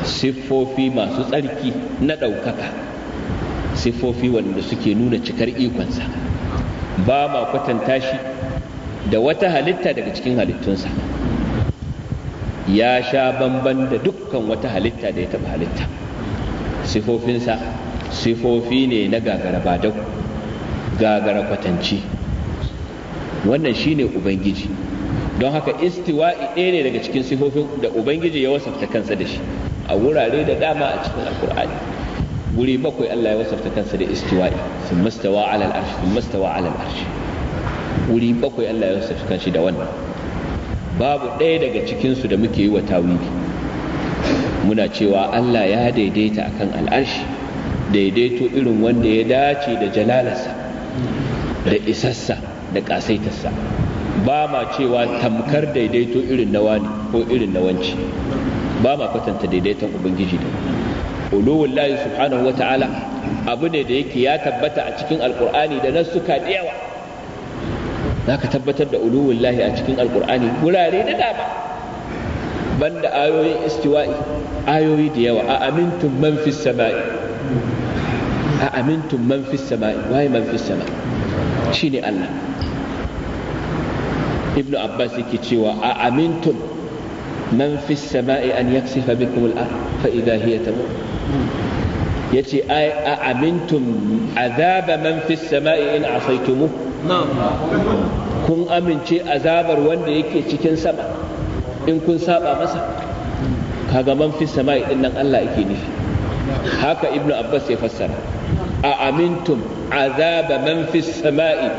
siffofi masu tsarki na ɗaukaka sifofi wanda suke nuna cikar ikonsa ba ma kwatanta shi da wata halitta daga cikin halittunsa ya sha bamban da dukkan wata halitta da ya taɓa halitta sifofinsa sifofi ne na gagara badau gagara kwatanci wannan shi ne ubangiji don haka istiwa'i ɗaya ne daga cikin sifofin da ubangiji ya wasafta kansa da shi a wurare da dama a cikin alkur'ani guri bakwai Allah ya wasafta kansa da istiwa'i sun mastawa alal arshi sun mastawa alal arshi guri bakwai Allah ya wasafta kanshi da wannan babu ɗaya daga cikinsu da muke yi wa tawili muna cewa Allah ya daidaita akan al'arshi daidaito irin wanda ya dace da jalalarsa da isassa da kasaitarsa ba ma cewa tamkar daidaito irin na wani ko irin na wanci ba ma kwatanta daidaiton ubangiji da uluwul lahi subhanahu wa ta'ala abu ne da yake ya tabbata a cikin alqur'ani da nassuka da yawa ka tabbatar da uluwul lahi a cikin alqur'ani gurare da dama banda ayoyin istiwa'i ayoyi da yawa a amintun man fis sama'i a amintun man fis sama'i wai man fis sama'i shine Allah Ibn abbas yake cewa a amintun man fis sama'i an yaksifa bikum al-ard fa idha hiya tamur yace ai a amintum azaba man fis sama'i in a asaitumu kun amince azabar wanda yake cikin sama in kun saba masa kaga man fis sama'i din nan Allah yake nufi haka ibnu abbas ya fassara a amintum azaba man fis sama'i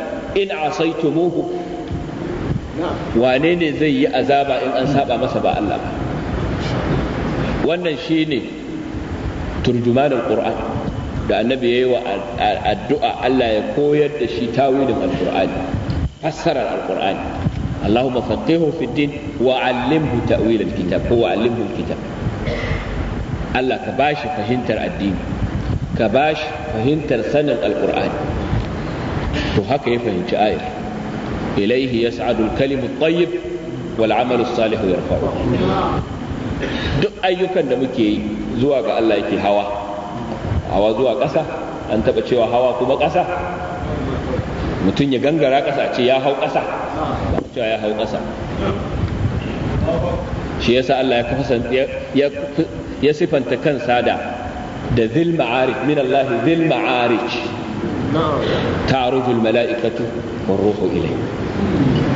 in a asaitumuhu wane ne zai yi azaba in an saba masa ba Allah ba wannan ne. ترجمان القرآن da annabi ya yi wa addu’a Allah ya koyar da shi tawilin alƙur'ani fassarar alƙur'ani Allahu mafattihu fi din wa alimhu ta'wil alkitab ko wa alimhu alkitab Allah ka bashi fahimtar addini ka bashi fahimtar sanin alƙur'ani to haka ya fahimci ayar ilaihi yas'adu alkalimu tayyib wal amalu salihu yarfa'u duk ayyukan da muke yi zuwa ga Allah yake hawa hawa zuwa ƙasa an taɓa cewa hawa kuma ƙasa mutum ya gangara ƙasa ce ya hau ƙasa ba cewa ya hau ƙasa shi yasa Allah ya sifanta kan Sada da zil ma'arij min Allah zil ma'arij ta'rujul mala'ikatu war ruhu ilayhi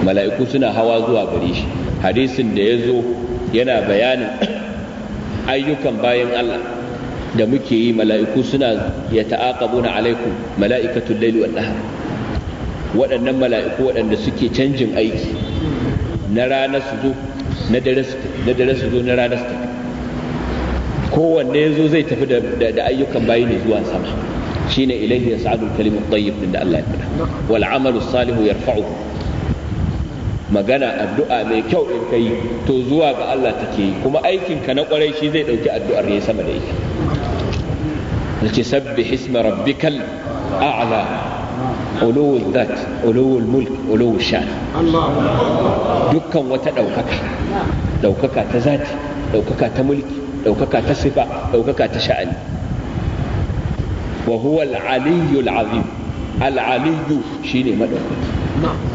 mala'iku suna hawa zuwa gare shi hadisin da ya zo yana bayanin ayyukan bayan Allah da muke yi mala'iku suna ya ta'aqabuna alaikum mala'ikatul laili wal waɗannan mala'iku waɗanda suke canjin aiki na rana su zo na dare su zo na rana su tafi kowanne ya zo zai tafi da ayyukan bayi ne zuwa sama shine ilaihi yas'adul kalimut tayyib din da Allah ya faɗa wal amalu salihu yarfa'uhu magana addu'a mai kyau in kai to zuwa ga Allah take kuma aikin ka na kwarai shi zai dauki addu'ar ne sama da ita yace sabbih isma rabbikal a'la uluwul dhat uluwul mulk uluwul shan dukkan wata daukaka daukaka ta zati daukaka ta mulki daukaka ta sifa daukaka ta sha'ani wa huwa al-aliyyul azim al-aliyyu shine madaukaki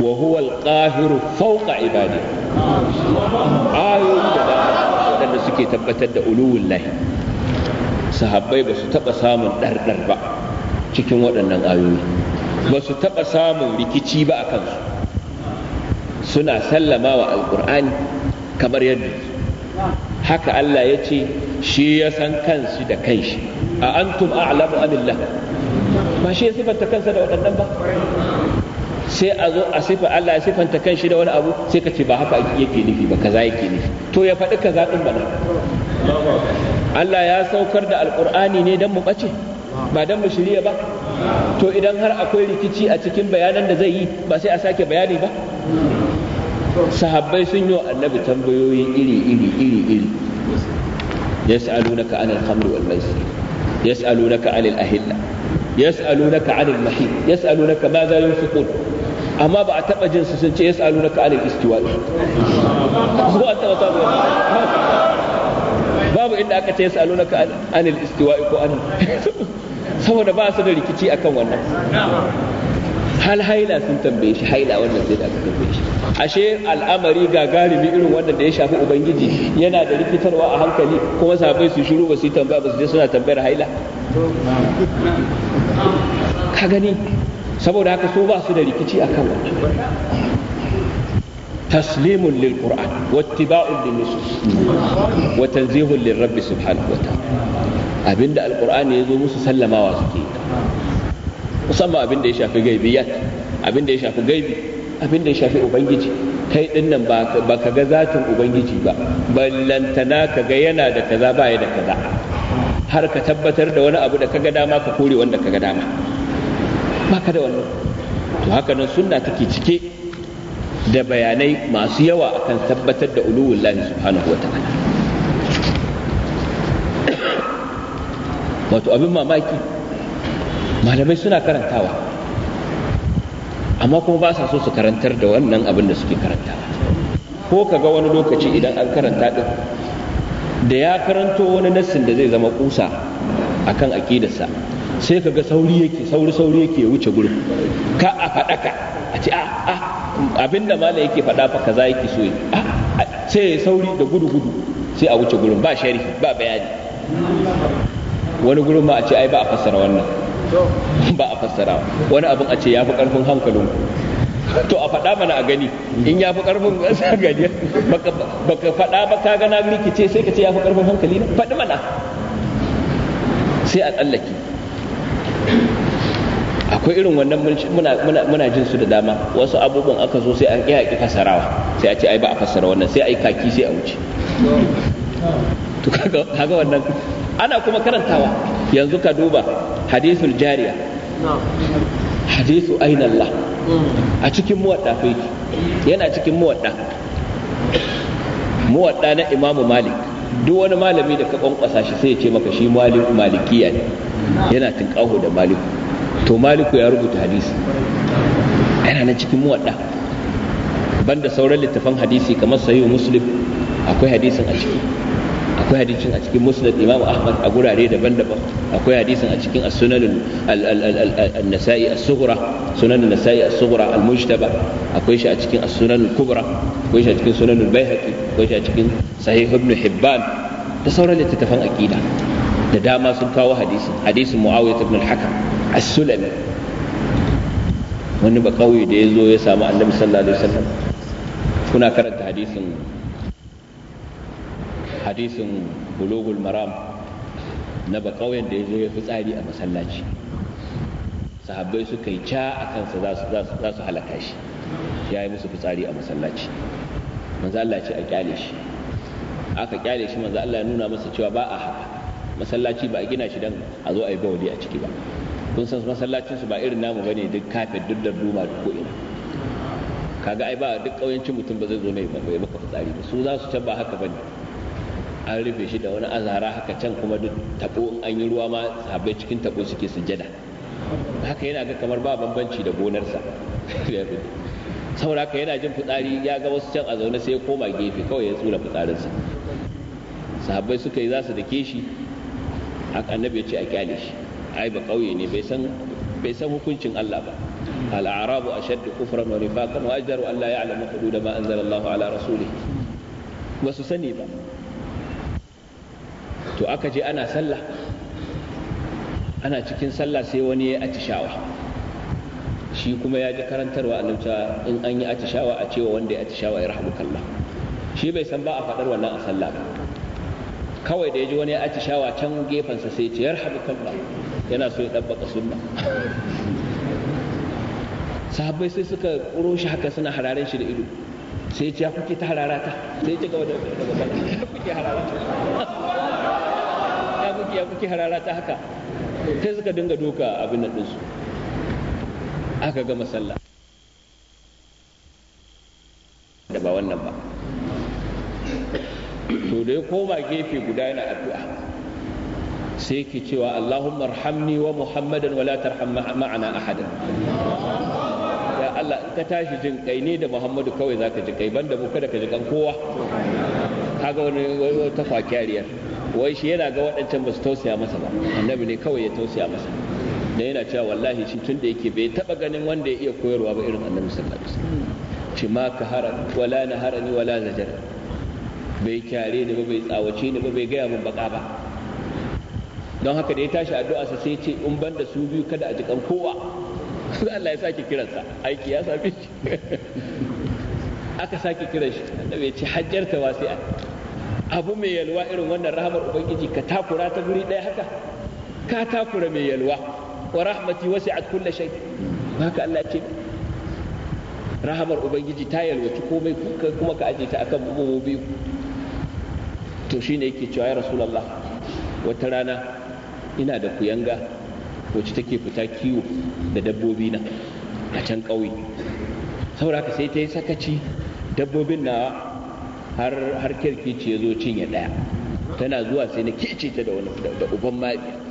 wa huwa al-qahiru fawqa ibadi ayoyi da waɗanda suke tabbatar da uluwullahi sahabbai basu su taɓa samun ɗarɗar ba cikin waɗannan ayoyi ba taɓa samun rikici ba a kansu suna sallama wa alƙur'ani kamar yadda haka Allah ya ce shi ya san kansu da kanshi a antum a'lamu amillah ba shi ya kansa da waɗannan ba sai a zo a sifa Allah ya sifanta kan shi da wani abu sai ka ce ba haka ake yake nufi ba kaza yake nufi to ya faɗi kaza din bana Allah ya saukar da alkur'ani ne don mu ɓace ba don mu shirya ba to idan har akwai rikici a cikin bayanan da zai yi ba sai a sake bayani ba sahabbai sun yi wa annabi tambayoyi iri iri iri iri yas'alunaka anil khamr wal maisir yas'alunaka anil ahilla yas'alunaka anil mahid yas'alunaka ma za yunfiqun amma ba a taba jin su sun ce yas'alunaka alal istiwa ko an taba samu babu inda aka ce yas'alunaka anil istiwa ko an saboda ba su da rikici akan wannan hal haila sun tambaye shi haila wannan zai da aka tambaye shi ashe al'amari ga galibi irin wannan da ya shafi ubangiji yana da rikitarwa a hankali kuma sahabbai su shiru ba su yi tambaya ba su je suna tambayar haila ka gani saboda haka so ba su da rikici akan wannan تسليم للقرآن واتباع للنصوص وتنزيه Subhanahu wa وتعالى Abinda da alkur'ani ya zo musu sallamawa suke musamman abin da ya shafi gaibiyat abin da ya shafi gaibi abinda ya shafi ubangiji kai din nan ba ka ga zatin ubangiji ba ballantana ka ga yana da kaza baya da kaza har ka tabbatar da wani abu da ka ga dama ka kore wanda ka ga dama baka da wannan to haka nan sunna take cike da bayanai masu yawa akan tabbatar da uluwullah subhanahu wata'ala wato abin mamaki malamai suna karantawa amma kuma ba sa so su karantar da wannan abin da suke karantawa ko ka ga wani lokaci idan an karanta din da ya karanto wani nassin da zai zama kusa akan akidarsa sai ka ga sauri yake sauri sauri yake wuce gurin ka a faɗaka a ce a ah, a ah, abinda malam yake faɗa fa kaza yake so yi ah, sai sauri da gudu gudu sai a wuce gurin ba sharhi ba bayani wani gurin ma a ce ai ba a fassara wannan ba a fassara wani abin a ce ya fi karfin hankalin to a faɗa mana a gani in ya fi karfin gani baka faɗa ba ka gana rikice sai ka ce ya fi karfin hankali na faɗi mana sai a tsallake akwai irin wannan muna jin su da dama wasu abubuwan aka zo sai an yaƙi fasarawa sai a ce ai ba a fasara wannan sai a yi kaki sai a wuce to kaga wannan ana kuma karantawa yanzu ka duba hadithul jariya hadithu ainallah a cikin muwadda fa yana cikin muwadda muwadda na imamu malik duk wani malami da ka kwankwasa shi sai ya ce maka shi malikiya ne yana tinkaho da maliku to maliku ya rubuta hadisi yana nan cikin muwadda banda sauran littafan hadisi kamar sahihu muslim akwai hadisin a ciki akwai hadisin a cikin musnad imam ahmad a gurare daban-daban akwai hadisin a cikin as-sunan an-nasa'i as-sughra sunan an-nasa'i as-sughra al-mujtaba akwai shi a cikin as-sunan al-kubra akwai shi a cikin sunan al-baihaqi akwai shi a cikin sahih ibn hibban da sauran littafan aqida da dama sun kawo hadisin hadisin muawiyah ibn al-hakam as-sulami wani ba kauye da ya zo ya samu annabi sallallahu alaihi wasallam kuna karanta hadisin hadisin bulugul maram na ba kauyen da ya zo ya fi tsari a masallaci sahabbai suka yi ca a kansa za su halaka shi ya yi musu fitsari a masallaci manzo Allah ce a kyale shi aka kyale shi manzo Allah ya nuna masa cewa ba a haka masallaci ba a gina shi don a zo a yi bawali a ciki ba kun san masallacin su ba irin namu bane duk kafin duk da duma duk ko ina kaga ai ba duk kauyancin mutum ba zai zo ne ba maka fitsari ba su za su can ba haka bane an rufe shi da wani azara haka can kuma duk tabo in an yi ruwa ma sabai cikin tabo suke sujada haka yana ga kamar ba bambanci da gonarsa saboda haka yana jin fitsari ya ga wasu can a zaune sai ya koma gefe kawai ya tsura fitsarinsa sahabbai suka yi za su dake shi haka annabi ya ce a kyale shi ai ba kauye ne bai san bai san hukuncin Allah ba al-a'rabu ashadd kufran wa nifaqan wa ajdaru an la ya'lamu hudud ma anzala Allah ala rasulihi ba su sani ba to aka je ana sallah ana cikin sallah sai wani ya atishawa shi kuma ya ji karantarwa a nauta in an yi atishawa a cewa wanda ya atishawa ya rahmukallah shi bai san ba a faɗar wannan a sallah ba kawai da ya ji wani ya shawa can gefensa sai ce Kalla yana so ya dabbaka sunna sahabbai sai suka ƙuro shi haka suna hararen shi da ido sai ce ya kuke ta hararata sai ce gaba daga ya kuke hararata ya kuke hararata haka sai suka dinga doka abin nan ɗinsu aka gama sallah da ba wannan ba to da ya koma gefe guda yana addu'a sai ki cewa Allahumma arhamni wa Muhammadan wa la tarham ma'ana ahada ya Allah in ka tashi jin kai ne da Muhammadu kawai zaka ji kai banda mu kada ka ji kan kowa kaga wani ta kwakyariyar wai shi yana ga waɗancan ba su tausaya masa ba annabi ne kawai ya tausaya masa da yana cewa wallahi shi tun da yake bai taba ganin wanda ya iya koyarwa ba irin annabi sallallahu alaihi wasallam ce ma ka hara wala na ni wala zajara bai kyare ni ba bai tsawace ni ba bai gaya min baka ba don haka da ya tashi addu'a sa sai ce in ban da su biyu kada a jikan kowa Allah ya sake kiransa aiki ya same shi aka sake kiran shi annabi ya ce hajjarta wasi'a abu mai yalwa irin wannan rahmar ubangiji ka takura ta guri daya haka ka takura mai yalwa wa rahmati wasi'at kulli shay haka Allah ce rahmar ubangiji ta yalwaci komai kuma ka aje ta akan bugu biyu to shi ne yake cewa ya rasulallah wata rana ina da kuyanga wacce take fita kiwo da dabbobi na a can ƙauye sauraka sai ta yi sakaci dabbobin na har har kirkici ya zo cinye ɗaya tana zuwa sai na kice ta da wani da uban mabi